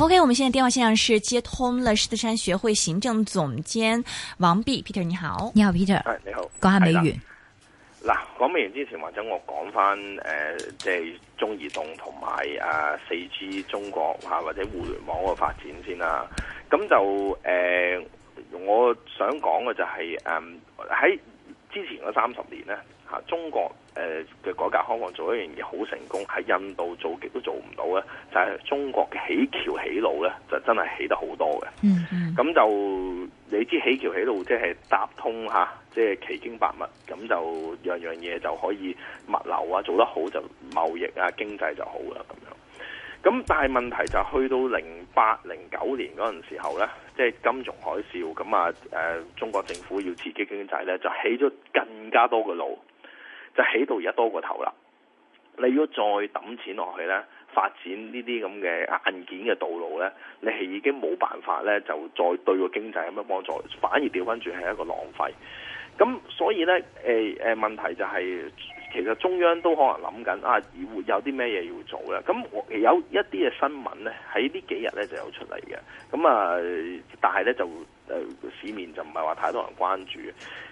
O.K.，我們現在電話線上是接通了獅子山學會行政總監王弼。Peter，你好，你好 Peter，你好，講下美元。嗱，講美元之前或者我講翻誒，即、呃、係、就是、中移動同埋啊四 G 中國吓或者互聯網個發展先啦。咁就誒、呃，我想講嘅就係誒喺之前嗰三十年咧。中國誒嘅改革開放做一樣嘢好成功，喺印度做極都做唔到咧，就係、是、中國起橋起路咧，就真係起得好多嘅。嗯，咁就你知起橋起路即係搭通即係、就是、奇經百物，咁就樣樣嘢就可以物流啊做得好，就貿易啊經濟就好啦咁樣。咁但係問題就去到零八零九年嗰陣時候咧，即、就、係、是、金融海嘯，咁啊誒中國政府要刺激經濟咧，就起咗更加多嘅路。就起到而家多過頭啦！你如果再抌錢落去咧，發展呢啲咁嘅硬件嘅道路咧，你係已經冇辦法咧，就再對個經濟有乜幫助，反而掉翻轉係一個浪費。咁所以咧，誒誒問題就係、是。其實中央都可能諗緊啊，有啲咩嘢要做咧？咁有一啲嘅新聞咧，喺呢幾日咧就有出嚟嘅。咁啊，但係咧就誒市面就唔係話太多人關注。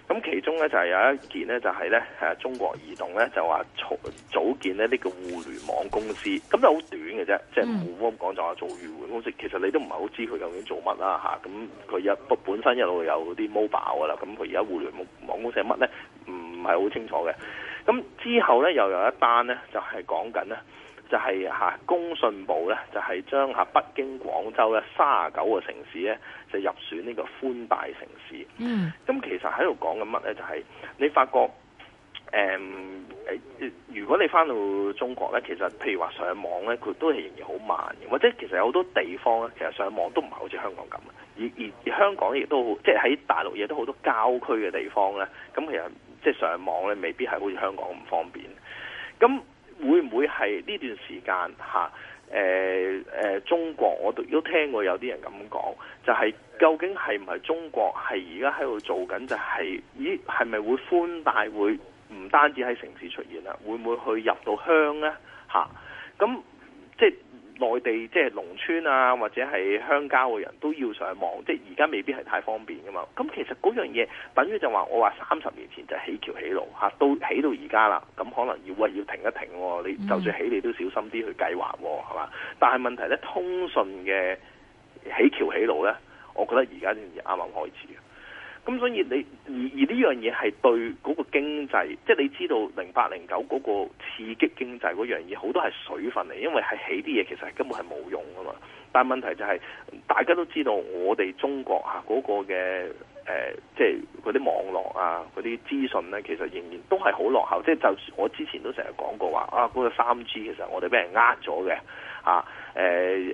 咁其中咧就係、是、有一件咧，就係、是、咧中國移動咧就話組組建呢啲叫互聯網公司。咁就好短嘅啫，即係冇乜講就話、是、做互聯網公司。其實你都唔係好知佢究竟做乜啦吓。咁佢一本身一路有啲 mobile 嘅啦。咁佢而家互聯網公司係乜咧？唔係好清楚嘅。咁之後咧，又有一單咧，就係講緊咧，就係嚇工信部咧，就係將嚇北京、廣州咧，三十九個城市咧，就入選呢個寬帶城市。嗯。咁其實喺度講緊乜咧？就係你發覺，嗯、如果你翻到中國咧，其實譬如話上網咧，佢都係仍然好慢嘅。或者其實有好多地方咧，其實上網都唔係好似香港咁。而而而香港亦都好，即係喺大陸亦都好多郊區嘅地方咧。咁其實即係上網咧，未必係好似香港咁方便。咁會唔會係呢段時間吓，誒、啊、誒、呃呃，中國我都都聽過有啲人咁講，就係、是、究竟係唔係中國係而家喺度做緊、就是？就係咦，係咪會寬帶會唔單止喺城市出現啦？會唔會去入到鄉咧？吓、啊，咁即係。內地即係農村啊，或者係鄉郊嘅人都要上網，即係而家未必係太方便㗎嘛。咁其實嗰樣嘢等於就話我話三十年前就起橋起路嚇，啊、都起到而家啦，咁可能要喂、哎，要停一停、哦，你就算起你都小心啲去計劃係、哦、嘛？但係問題呢，通訊嘅起橋起路呢，我覺得而家先啱啱開始。咁所以你而而呢樣嘢係對嗰個經濟，即、就、係、是、你知道零八零九嗰個刺激經濟嗰樣嘢，好多係水分嚟，因為係起啲嘢其實係根本係冇用噶嘛。但係問題就係、是、大家都知道，我哋中國吓嗰個嘅誒，即係嗰啲網絡啊、嗰啲資訊咧，其實仍然都係好落後，即係就，是、就我之前都成日講過話啊，嗰、那個三 G 其實我哋俾人呃咗嘅。啊！呃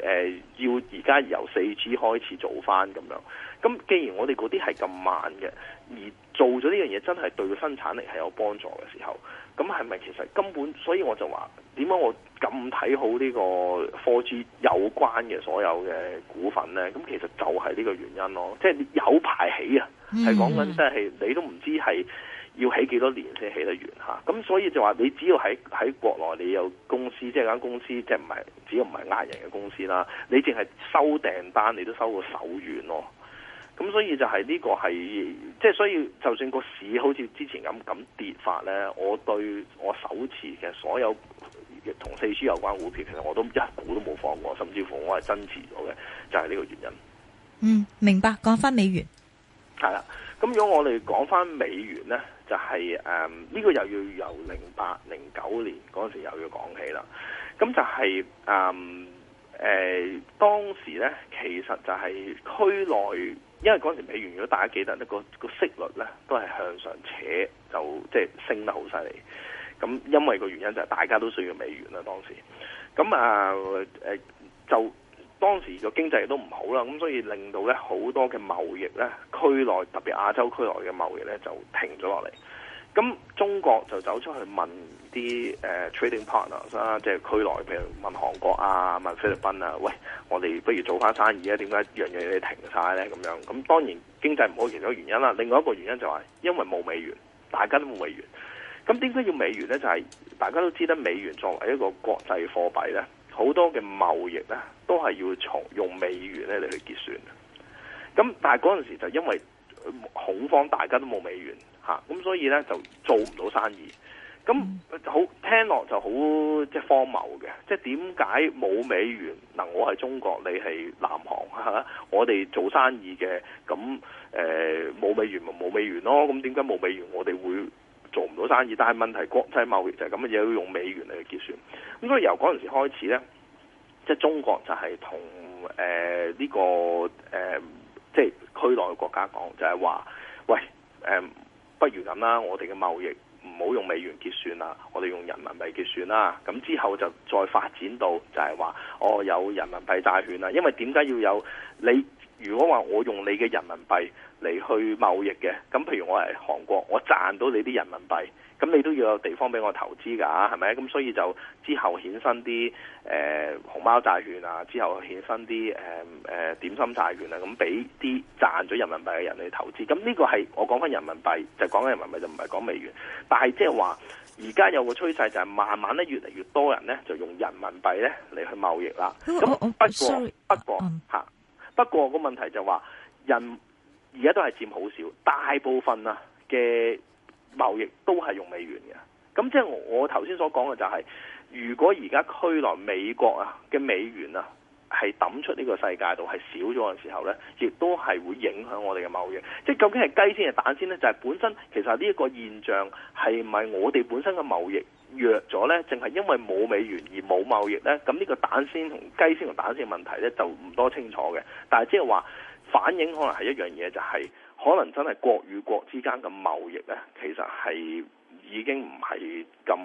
呃、要而家由四 G 開始做翻咁樣，咁既然我哋嗰啲係咁慢嘅，而做咗呢樣嘢真係對個生產力係有幫助嘅時候，咁係咪其實根本？所以我就話點解我咁睇好呢個科技有關嘅所有嘅股份呢？咁其實就係呢個原因咯，即係有排起啊，係講緊即係你都唔知係。要起幾多年先起得完嚇？咁所以就話，你只要喺喺國內，你有公司，即係間公司，即係唔係只要唔係壓人嘅公司啦，你淨係收訂單，你都收個手軟咯。咁所以就係呢個係，即係所以就算個市好似之前咁咁跌法呢，我對我手持嘅所有同 4G 有關股票，其實我都一股都冇放過，甚至乎我係增持咗嘅，就係呢個原因。嗯，明白。講翻美元係啦，咁如果我哋講翻美元呢？就係誒呢個又要由零八零九年嗰陣時又要講起啦，咁就係誒誒當時咧，其實就係區內，因為嗰陣時美元如果大家記得呢個個息率咧都係向上扯，就即係、就係、升得好犀利。咁因為個原因就係大家都需要美元啦，當時咁啊誒就。當時個經濟亦都唔好啦，咁所以令到咧好多嘅貿易咧，區內特別亞洲區內嘅貿易咧就停咗落嚟。咁中國就走出去問啲誒 trading partners 啊，即係區內譬如問韓國啊、問菲律賓啊，喂，我哋不如做翻生意啊？點解樣樣嘢你停晒咧？咁樣咁當然經濟唔好係一個原因啦。另外一個原因就係因為冇美元，大家都冇美元。咁點解要美元咧？就係、係、大家都知得美元作為一個國際貨幣咧。好多嘅貿易咧，都係要從用美元咧嚟去結算的。咁但係嗰陣時就因為恐慌，大家都冇美元嚇，咁、啊、所以咧就做唔到生意。咁好聽落就好即係荒謬嘅，即係點解冇美元？嗱、啊，我係中國，你係南韓嚇、啊，我哋做生意嘅，咁誒冇美元咪冇美元咯。咁點解冇美元我哋會？做唔到生意，但係問題國際貿易就係咁嘅嘢，要用美元嚟去結算。咁所以由嗰陣時開始呢，即係中國就係同誒呢個誒、呃、即係區內國家講，就係話：，喂、呃、不如咁啦，我哋嘅貿易唔好用美元結算啦，我哋用人民幣結算啦。咁之後就再發展到就係話：，哦，有人民幣債券啦。因為點解要有你？如果話我用你嘅人民幣，嚟去貿易嘅，咁譬如我係韓國，我賺到你啲人民幣，咁你都要有地方俾我投資㗎，係咪？咁所以就之後衍生啲誒熊貓債券啊，之後衍生啲誒誒點心債券啊，咁俾啲賺咗人民幣嘅人嚟投資。咁呢個係我講翻人民幣，就講緊講人民幣就唔係講美元。但係即係話，而家有個趨勢就係慢慢咧越嚟越多人咧就用人民幣咧嚟去貿易啦。咁不過 oh, oh, 不過吓、oh, um.，不過個問題就話人。而家都係佔好少，大部分啊嘅貿易都係用美元嘅。咁即係我頭先所講嘅就係、是，如果而家驅來美國啊嘅美元啊係抌出呢個世界度係少咗嘅時候呢，亦都係會影響我哋嘅貿易。即係究竟係雞先係蛋先呢？就係、是、本身其實呢一個現象係唔係我哋本身嘅貿易弱咗呢？淨係因為冇美元而冇貿易呢？咁呢個蛋先同雞先同蛋先嘅問題呢，就唔多清楚嘅。但係即係話。反映可能係一樣嘢，就係、是、可能真係國與國之間嘅貿易啊，其實係已經唔係咁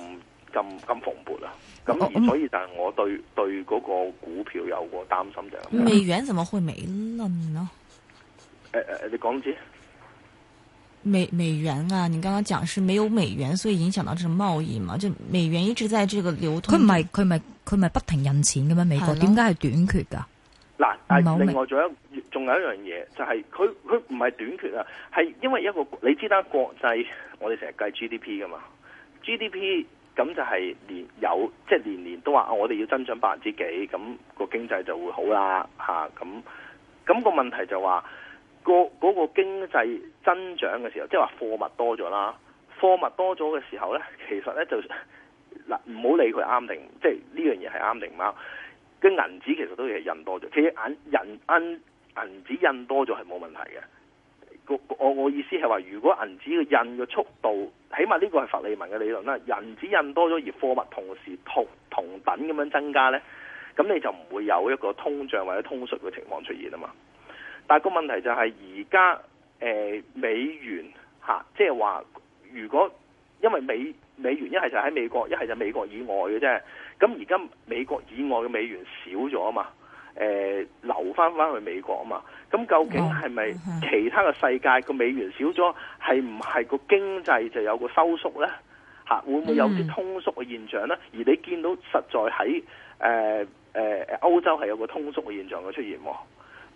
咁咁蓬勃啦。咁所以但係我對對嗰個股票有個擔心就係。美元怎麼會沒呢？誒、哎、誒、哎，你講先。美美元啊，你剛剛講是沒有美元，所以影響到這種貿易嘛？就美元一直在這個流通，佢咪佢咪佢咪不停印錢嘅咩？美國點解係短缺㗎？嗱，但係另外仲有一仲有一樣嘢，就係佢佢唔係短缺啊，係因為一個你知啦，國際我哋成日計 GDP 噶嘛，GDP 咁就係年有即係年年都話我哋要增長百分之幾，咁、個經濟就會好啦嚇，咁、啊、咁、個問題就話個嗰個經濟增長嘅時候，即係話貨物多咗啦，貨物多咗嘅時候咧，其實咧就嗱唔好理佢啱定，即係呢樣嘢係啱定唔啱。就是嘅銀紙其實都係印多咗，其實銀銀銀銀紙印多咗係冇問題嘅。我我意思係話，如果銀紙嘅印嘅速度，起碼呢個係佛利民嘅理論啦。銀紙印多咗而貨物同時同同等咁樣增加呢，咁你就唔會有一個通脹或者通縮嘅情況出現啊嘛。但係個問題就係而家誒美元嚇，即係話如果因為美美元一係就喺美國，一係就美國以外嘅啫。咁而家美國以外嘅美元少咗啊嘛，誒流翻翻去美國啊嘛，咁究竟係咪其他嘅世界個美元少咗，係唔係個經濟就有個收縮呢？嚇，會唔會有啲通縮嘅現象呢？Mm -hmm. 而你見到實在喺誒誒歐洲係有個通縮嘅現象嘅出現喎，啊，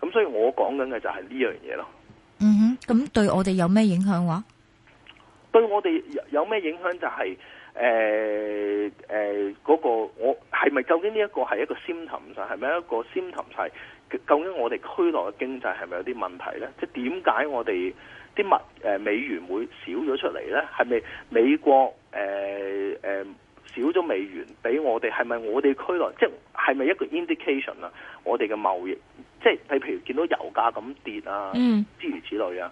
咁所以我講緊嘅就係呢樣嘢咯。嗯哼，咁對我哋有咩影響話？對我哋有咩影響就係、是。誒誒嗰個我係咪究竟呢一個係一個 symptoms？曬，係咪一個 symptoms？究竟我哋區內嘅經濟係咪有啲問題咧？即係點解我哋啲物誒美元會少咗出嚟咧？係咪美國誒誒、欸呃、少咗美元俾我哋？係咪我哋區內即係係咪一個 indication 啊？我哋嘅貿易即係你譬如見到油價咁跌啊，諸如此類啊，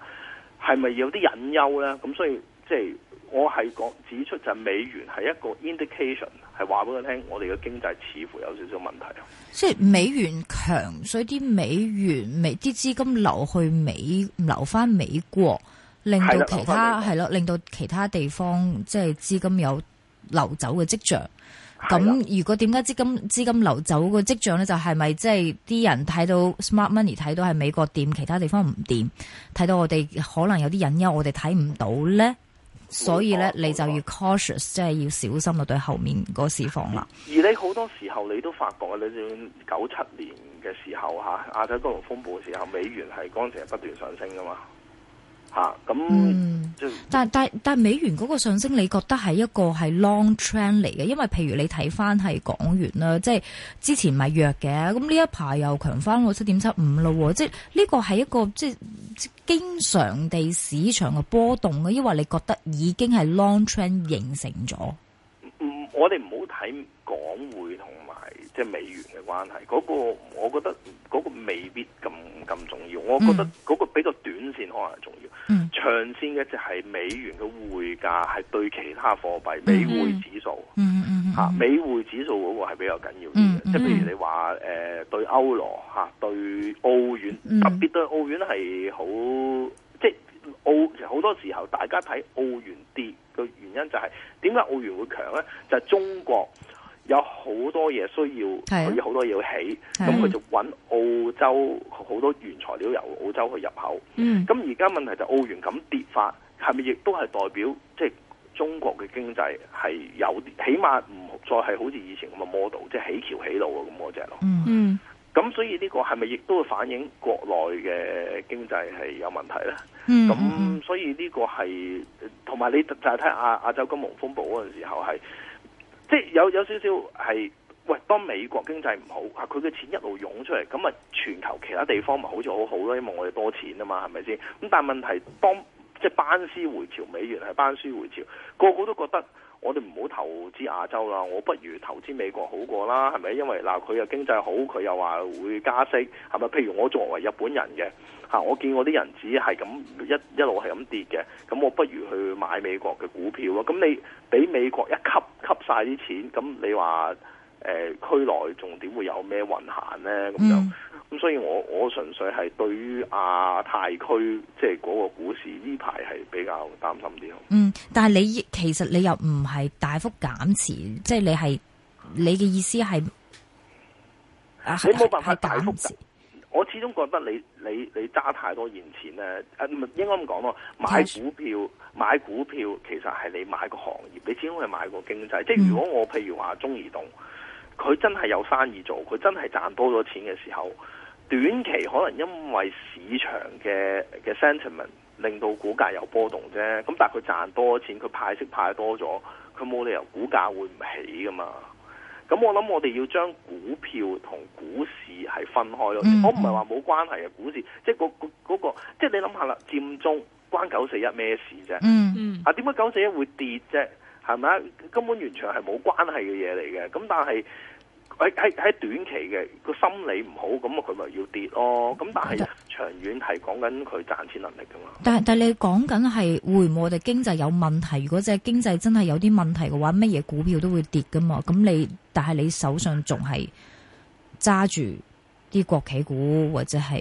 係咪有啲隱憂咧？咁所以即係。我係講指出就係美元係一個 indication，係話俾佢聽，我哋嘅經濟似乎有少少問題啊！即係美元強，所以啲美元美啲資金流去美流翻美國，令到其他係咯，令到其他地方即係、就是、資金有流走嘅跡象。咁如果點解資金資金流走嘅跡象咧，就係咪即係啲人睇到 smart money 睇到係美國掂，其他地方唔掂，睇到我哋可能有啲隱憂，我哋睇唔到咧？所以咧，你就要 cautious，即係要小心咯，對後面個市況啦。而你好多時候，你都發覺你九七年嘅時候吓，亞洲金融風暴嘅時候，美元係剛才係不斷上升噶嘛。吓、啊、咁、嗯，但但但係美元嗰個上升，你覺得係一個係 long trend 嚟嘅？因為譬如你睇翻係港元啦，即、就、係、是、之前咪弱嘅，咁呢一排又強翻到七點七五咯，即係呢個係一個即係、就是、經常地市場嘅波動嘅，抑或你覺得已經係 long trend 形成咗？嗯，我哋唔好睇港匯同埋即係美元嘅關係，嗰、那個我覺得嗰個未必咁。咁重要，我覺得嗰個比較短線可能係重要，嗯、長線嘅就係美元嘅匯價係對其他貨幣、嗯、美匯指數，嚇、嗯啊嗯、美匯指數嗰個係比較緊要啲嘅、嗯，即係譬如你話誒、呃、對歐羅嚇、啊、對澳元、嗯，特別對澳元係好，即係澳好多時候大家睇澳元跌嘅原因就係點解澳元會強咧？就係、係、中國。有好多嘢需要，有好多嘢要起，咁佢、啊、就揾澳洲好多原材料由澳洲去入口。咁而家問題就是澳元咁跌法，係咪亦都係代表即係、就是、中國嘅經濟係有啲，起碼唔再係好似以前咁嘅 model，即係起橋起路啊咁嗰隻咯。嗯，咁所以呢個係咪亦都會反映國內嘅經濟係有問題咧？咁、嗯嗯、所以呢個係同埋你就係睇下亞亞洲金融風暴嗰陣時候係。即係有有少少係喂，當美國經濟唔好，吓，佢嘅錢一路湧出嚟，咁啊，全球其他地方咪好似好好咯，因為我哋多錢啊嘛，係咪先？咁但係問題，當即係班師回朝，美元係班師回朝，個個都覺得。我哋唔好投資亞洲啦，我不如投資美國好過啦，係咪？因為嗱，佢又經濟好，佢又話會加息，係咪？譬如我作為日本人嘅吓，我見我啲銀紙係咁一一路係咁跌嘅，咁我不如去買美國嘅股票咯。咁你俾美國一吸吸晒啲錢，咁你話？誒，區內重點會有咩運行呢？咁樣咁，所以我我純粹係對於亞太區即係嗰個股市呢排係比較擔心啲。嗯，但係你其實你又唔係大幅減持，即係你係你嘅意思係，嗯啊，你冇辦法大幅。減我始終覺得你你你揸太多現錢咧，誒、啊、唔應該咁講咯。買股票買股票其實係你買個行業，你始終係買個經濟，嗯。即係如果我譬如話中移動。佢真係有生意做，佢真係賺多咗錢嘅時候，短期可能因為市場嘅嘅 sentiment 令到股價有波動啫。咁但係佢賺多咗錢，佢派息派多咗，佢冇理由股價會唔起噶嘛？咁我諗我哋要將股票同股市係分開咯。嗯。我唔係話冇關係嘅股市，即係嗰個，即係你諗下啦，佔中關九四一咩事啫？嗯嗯。啊，點解九四一會跌啫？係咪啊？根本完全係冇關係嘅嘢嚟嘅。咁但係。喺喺喺短期嘅個心理唔好，咁佢咪要跌咯。咁但係長遠係講緊佢賺錢能力噶嘛？但但你講緊係會唔會我哋經濟有問題？如果即係經濟真係有啲問題嘅話，乜嘢股票都會跌噶嘛？咁你但係你手上仲係揸住啲國企股或者係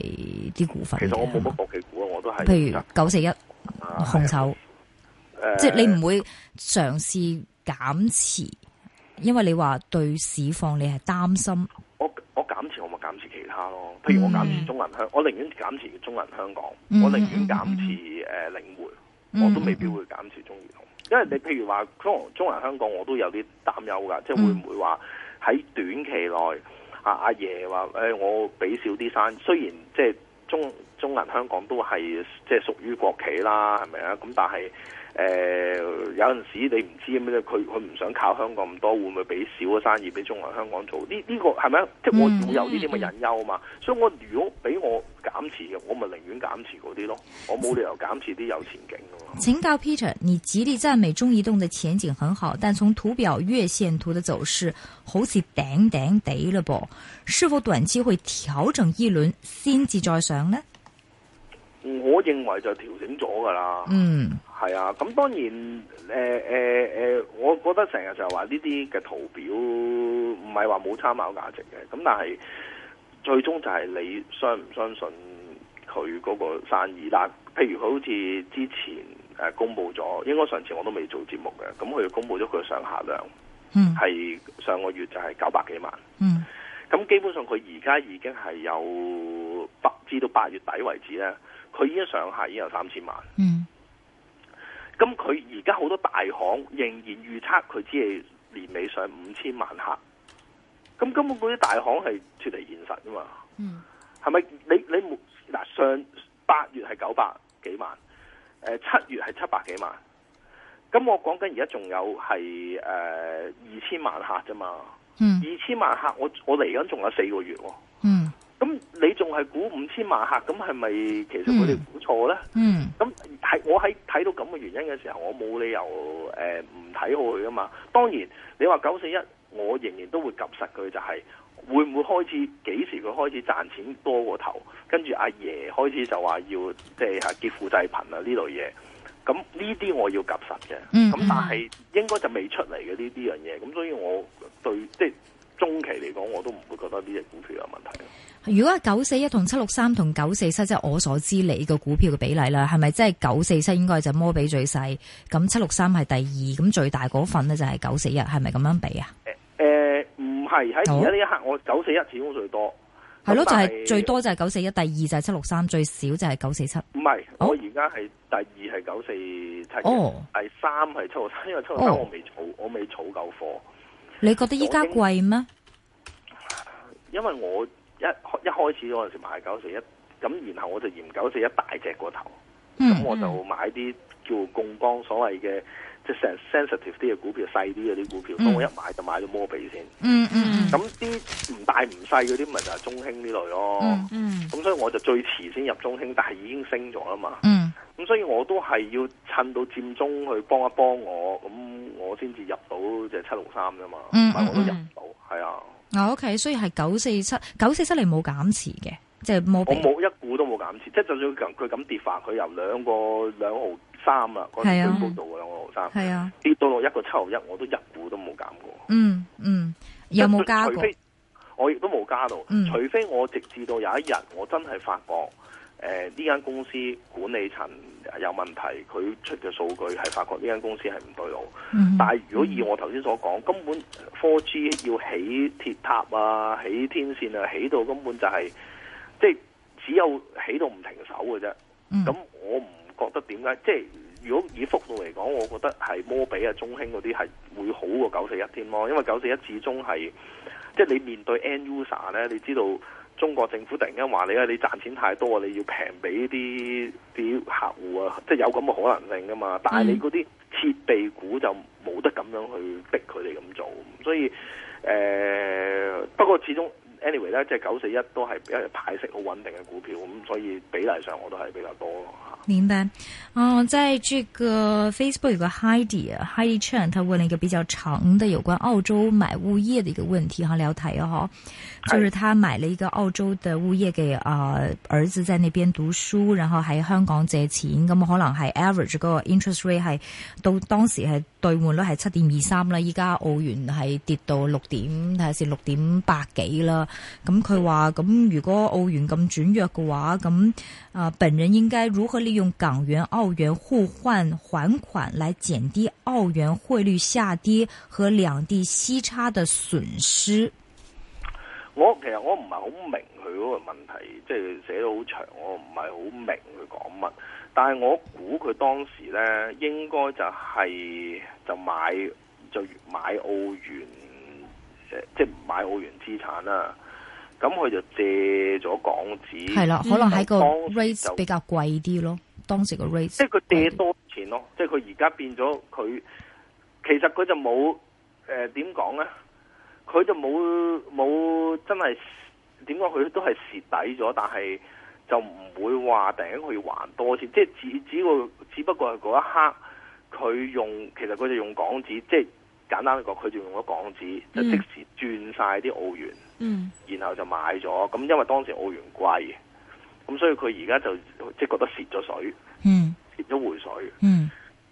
啲股份？其實我冇乜國企股啊，我都係譬如九四一控手，啊、即係你唔會嘗試減持。因為你話對市況你係擔心我。我減，我減持我咪減持其他咯，譬如我減持中銀香、嗯，我寧願減持中銀香港，嗯嗯、我寧願減持誒領匯，我都未必會減持中移動，因為你譬如話中中銀香港我都有啲擔憂噶，即係會唔會話喺短期內阿阿爺話誒我俾少啲山，雖然即係中中銀香港都係即係屬於國企啦，係咪啊？咁但係。誒、呃、有陣時你唔知咁樣，佢佢唔想靠香港咁多，會唔會俾少嘅生意俾中環香港做？呢呢、這個係咪？即係我有呢啲咁嘅隱憂啊嘛、嗯。所以我如果俾我減持嘅，我咪寧願減持嗰啲咯。我冇理由減持啲有前景嘅。請教 Peter，你極力讚美中移動嘅前景很好，但從圖表月線圖的走勢好似頂頂哋嘞噃，是否短期會調整一輪先至再上呢？我認為就調整咗噶啦，嗯，係啊，咁當然，誒誒誒，我覺得成日就係話呢啲嘅圖表唔係話冇參考價值嘅，咁但係最終就係你相唔相信佢嗰個生意喇，譬如佢好似之前誒公佈咗，應該上次我都未做節目嘅，咁佢公佈咗佢嘅上下量，嗯，係上個月就係九百幾萬，嗯，咁基本上佢而家已經係有。直至到八月底為止咧，佢已經上下已經有三千萬。嗯，咁佢而家好多大行仍然預測佢只係年尾上五千萬客。咁根本嗰啲大行係脫離現實噶嘛？嗯，係咪你你冇嗱，上八月係九百幾萬，誒七月係七百幾萬。咁我講緊而家仲有係誒二千萬客啫嘛？嗯，二千萬客我我嚟緊仲有四個月。咁你仲係估五千萬客，咁係咪其實佢哋估錯咧？咁、嗯、係、嗯、我喺睇到咁嘅原因嘅時候，我冇理由誒唔睇好佢噶嘛。當然，你話九四一，我仍然都會及實佢，就係、是、會唔會開始？幾時佢開始賺錢多過頭？跟住阿爺開始就話要即係劫富濟貧啊呢類嘢。咁呢啲我要及實嘅。咁、嗯嗯、但係應該就未出嚟嘅呢啲樣嘢。咁所以我對即係。中期嚟講，我都唔會覺得呢隻股票有問題。如果係九四一同七六三同九四七，即係我所知你個股票嘅比例啦，係咪即係九四七應該就係摩比最細，咁七六三係第二，咁最大嗰份呢就係九四一，係咪咁樣比啊？誒唔係喺而家呢一刻，哦、我九四一始終最多。係咯，就係、係、最多就係九四一，第二就係七六三，最少就係九四七。唔係、哦，我而家係第二係九四七，哦，第三係七六三，因為七六三我未儲、哦，我未儲夠貨。你覺得依家貴咩？因為我一一開始嗰陣時買九四一，咁然後我就嫌九四一大隻過頭，咁、嗯嗯、我就買啲叫共幫，所謂嘅即係成 sensitive 啲嘅股票，細啲嘅啲股票。咁、嗯、我一買就買咗摩比先，咁啲唔大唔細嗰啲咪就係中興呢類咯。咁、嗯嗯、所以我就最遲先入中興，但係已經升咗吖嘛。咁、嗯、所以我都係要趁到佔中去幫一幫我咁。我先至入，入到，就七六三啫嘛，我都入唔到，係、嗯、啊。我 OK，所以係九四七，九四七嚟冇減持嘅，即係冇。我冇一股都冇減持，即係就算佢佢咁跌翻，佢由兩個兩毫三啊，嗰啲報道嘅兩個毫三，跌到落一個七毫一，我都一股都冇減過。嗯嗯，有冇加過？除非我亦都冇加到、嗯，除非我直至到有一日，我真係發覺。誒呢間公司管理層有問題，佢出嘅數據係發覺呢間公司係唔對路、嗯。但係如果以我頭先所講，根本 4G 要起鐵塔啊，起天線啊，起到根本就係、是、即係只有起到唔停手嘅啫。咁、嗯、我唔覺得點解即係如果以幅度嚟講，我覺得係摩比啊、中興嗰啲係會好過九四一添咯。因為九四一始終係即係你面對 end user 咧，你知道。中國政府突然間話你啊，你賺錢太多啊，你要平俾啲啲客戶啊，即係有咁嘅可能性㗎嘛。但係你嗰啲設備股就冇得咁樣去逼佢哋咁做，所以誒、呃，不過始終。anyway，即係九四一都係派息好穩定嘅股票，咁所以比例上我都係比較多咯。明白。哦、嗯，在這個 Facebook 有個 Heidi，Heidi Chan，他問了一個比較長的有關澳洲買物業嘅一個問題，哈，聊台嘅就是他買了一個澳洲的物業的，給、呃、啊兒子在那邊讀書，然後喺香港借錢，咁可能係 average 嗰個 interest rate 係到當時係。兌換率係七點二三啦，依家澳元係跌到六點，睇下先六點八幾啦。咁佢話咁如果澳元咁轉弱嘅話，咁啊本人應該如何利用港元澳元互換還款嚟減低澳元匯率下跌和兩地息差嘅損失？我其實我唔係好明。嗰、那個問題即係、就是、寫到好長，我唔係好明佢講乜，但係我估佢當時咧應該就係、是、就買就買澳元，即、就是、買澳元資產啦。咁佢就借咗港紙，係啦，可能喺個 rate 比較貴啲咯。當時個 rate 即係佢借多錢咯，即係佢而家變咗佢，其實佢就冇誒點講咧，佢、呃、就冇冇真係。點講佢都係蝕底咗，但係就唔會話頂佢還多錢，即係只只個，只不過係嗰一刻佢用，其實佢就用港紙，即係簡單嚟講，佢就用咗港紙，就即時轉晒啲澳元，嗯，然後就買咗。咁因為當時澳元貴，咁所以佢而家就即係覺得蝕咗水，蝕、嗯、咗回水。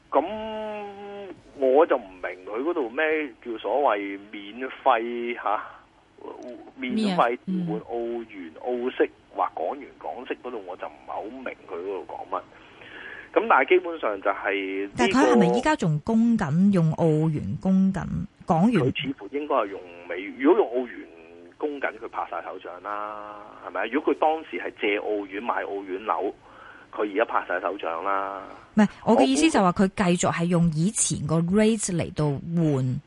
咁、嗯、我就唔明佢嗰度咩叫所謂免費嚇？免費換澳元澳息，或港元港息，嗰度我就唔係好明佢嗰度講乜，咁但係基本上就係、這個。但係佢係咪依家仲供緊用澳元供緊港元？佢似乎應該係用美。如果用澳元供緊，佢拍晒手掌啦，係咪啊？如果佢當時係借澳元買澳元樓，佢而家拍晒手掌啦。唔係，我嘅意思就話佢繼續係用以前個 rate 嚟到換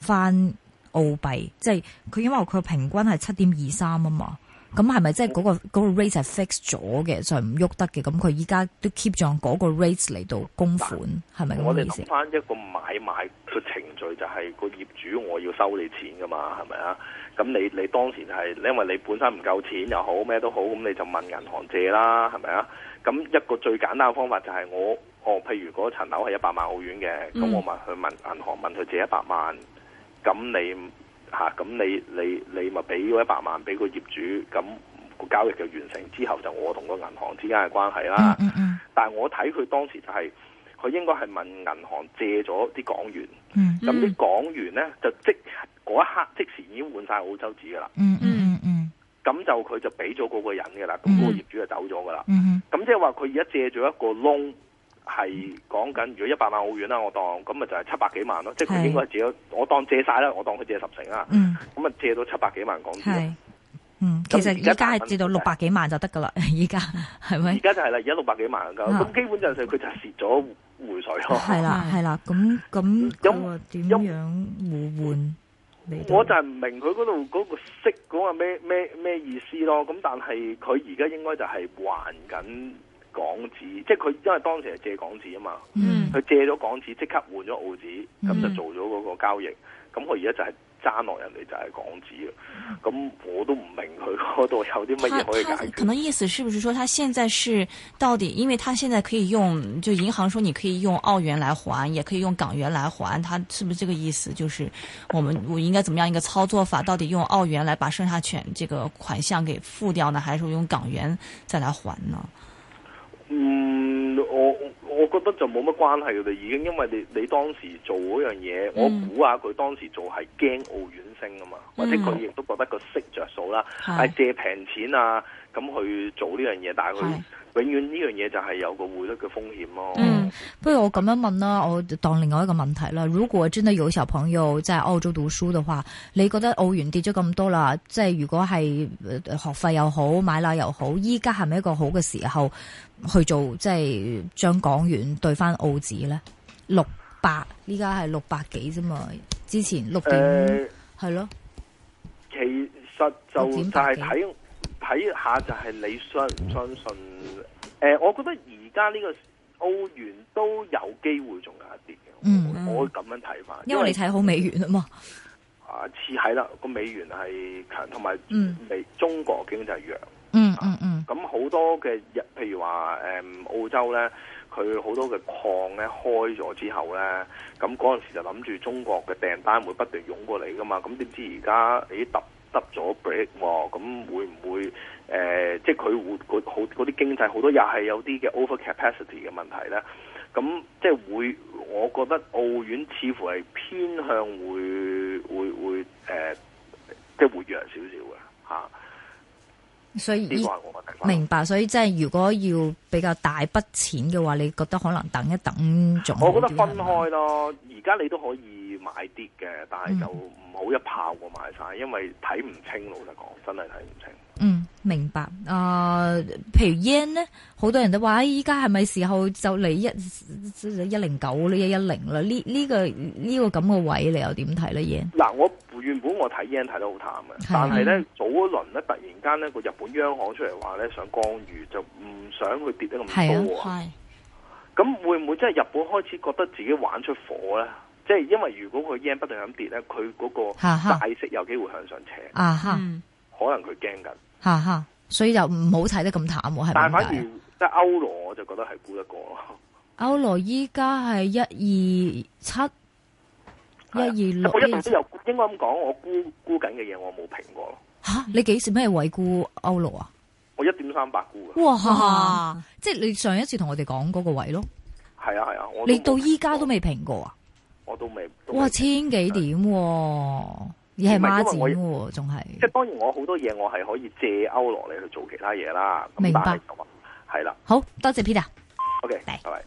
翻。澳幣，即係佢因為佢平均係七點二三啊嘛，咁係咪即係嗰個嗰、嗯嗰個 rate 係 fix 咗嘅，就係唔喐得嘅？咁佢依家都 keep 住嗰個 rate 嚟到供款，係咪咁嘅意思？我哋講翻一個買賣嘅程序，就係，就係個業主我要收你錢㗎嘛，係咪啊？咁你你當時係、就係、因為你本身唔夠錢又好咩都好，咁你就問銀行借啦，係咪啊？咁一個最簡單嘅方法就係我，我譬如嗰層樓係一百萬澳元嘅，咁我咪去問銀行問佢借一百萬。嗯咁你吓咁你你你咪俾一百萬俾個業主，咁個交易就完成之後，就和我同個銀行之間嘅關係啦。但係我睇佢當時就係、是、佢應該係問銀行借咗啲港元，咁啲港元咧就即嗰一刻即時已經換晒澳洲紙噶啦。咁就佢就俾咗嗰個人噶啦，咁嗰個業主就走咗噶啦。咁即係話佢而家借咗一個窿。係講緊，如果一百萬好遠啦，我當咁咪就係七百幾萬咯，即係佢應該係借咗，我當借晒啦，我當佢借十成啦，咁、嗯、咪借到七百幾萬港紙。嗯，其實而家係至到六百幾萬就得噶、啊、啦，而家係咪？而家就係啦，而家六百幾萬噶，咁基本就係佢就蝕咗匯水咯。係啦，係啦，咁咁咁我點樣互換？我就係唔明佢嗰度嗰個息嗰個咩咩咩意思咯，咁但係佢而家應該就係還緊港紙，即係佢因為當時係借港紙啊嘛，佢、嗯、借咗港紙即刻換咗澳紙，咁就做咗嗰個交易。咁佢而家就係揸落人哋就係港紙咯。咁、嗯、我都唔明佢嗰度有啲乜嘢可以解釋。他他可能意思是不是說他現在是到底，因為他現在可以用就銀行說你可以用澳元來還，也可以用港元來還，他是不是這個意思？就是我們我應該怎麼樣一個操作法？到底用澳元來把剩下錢這個款項給付掉呢，還是用港元再來還呢？嗯，我我覺得就冇乜關係嘅啦，已經，因為你你當時做嗰樣嘢，我估下佢當時做係驚澳元升啊嘛，嗯，或者佢亦都覺得個息着數啦，係、哎、借平錢啊。咁去做呢樣嘢，但係佢永遠呢樣嘢就係有個匯率嘅風險咯。嗯，不如我咁樣問啦，我當另外一個問題啦。如果真係有小朋友係澳洲讀書嘅話，你覺得澳元跌咗咁多啦，即係如果係學費又好，買樓又好，依家係咪一個好嘅時候去做，即係將港元對翻澳紙咧？六百，依家係六百幾啫嘛，之前六點係咯。其實就就係睇。睇下就係你相唔相信？誒、呃，我覺得而家呢個澳元都有機會仲有一啲嘅、嗯，我會咁樣睇返。因為你睇好美元啊嘛、嗯，啊似係啦，個美元係強，同埋、嗯、美中國基本就係弱。嗯嗯、啊、嗯。咁、嗯、好多嘅，譬如話誒、嗯、澳洲咧，佢好多嘅礦咧開咗之後咧，咁嗰陣時候就諗住中國嘅訂單會不斷湧過嚟噶嘛，咁點知而家執咗 break 喎，咁會唔會誒，即係佢會佢好啲經濟好多，又係有啲嘅 overcapacity 嘅問題咧。咁、嗯、即係會我覺得澳元似乎係偏向會會會誒、呃、即係活躍少少嘅吓，所以明白，所以即係如果要比較大筆錢嘅話，你覺得可能等一等仲，我覺得分開咯。而家你都可以。要買啲嘅，但係就唔好一炮過買晒，因為睇唔清，老實講，真係睇唔清。嗯，明白。誒、呃，譬如 yen 呢，好多人都話：依家係咪時候就嚟，一一零九咧，一一零啦？呢、呢、呢個呢、呢個咁嘅、呢個、位，你又點睇呢 yen 嗱，我原本我睇 yen 睇得好淡嘅、啊，但係呢，早一輪呢，突然間呢個日本央行出嚟話呢，想干預，就唔想佢跌得咁高。啊。咁、啊啊、會唔會真係日本開始覺得自己玩出火呢？即係因為如果佢 yen 不斷咁跌咧，佢嗰個大息有機會向上斜啊！可能佢驚緊吓，所以就唔好睇得咁淡喎，係咪？但反而即係歐羅，啊、我就覺得係沽得過咯。歐羅依家係一二七一二六，我一應該咁講，我沽沽緊嘅嘢，我冇評過咯。吓，你幾時咩位沽歐羅啊？我一點三百沽嘅。哇，即係你上一次同我哋講嗰個位咯。係啊係啊，我你到依家都未評過啊？我都未，都未，哇千幾點，啊，而係孖展喎，仲係，即係當然我好多嘢，我係可以借歐羅嚟，去做其他嘢啦，明白，係啦，好多謝 Peter，OK，、okay，拜拜。拜拜。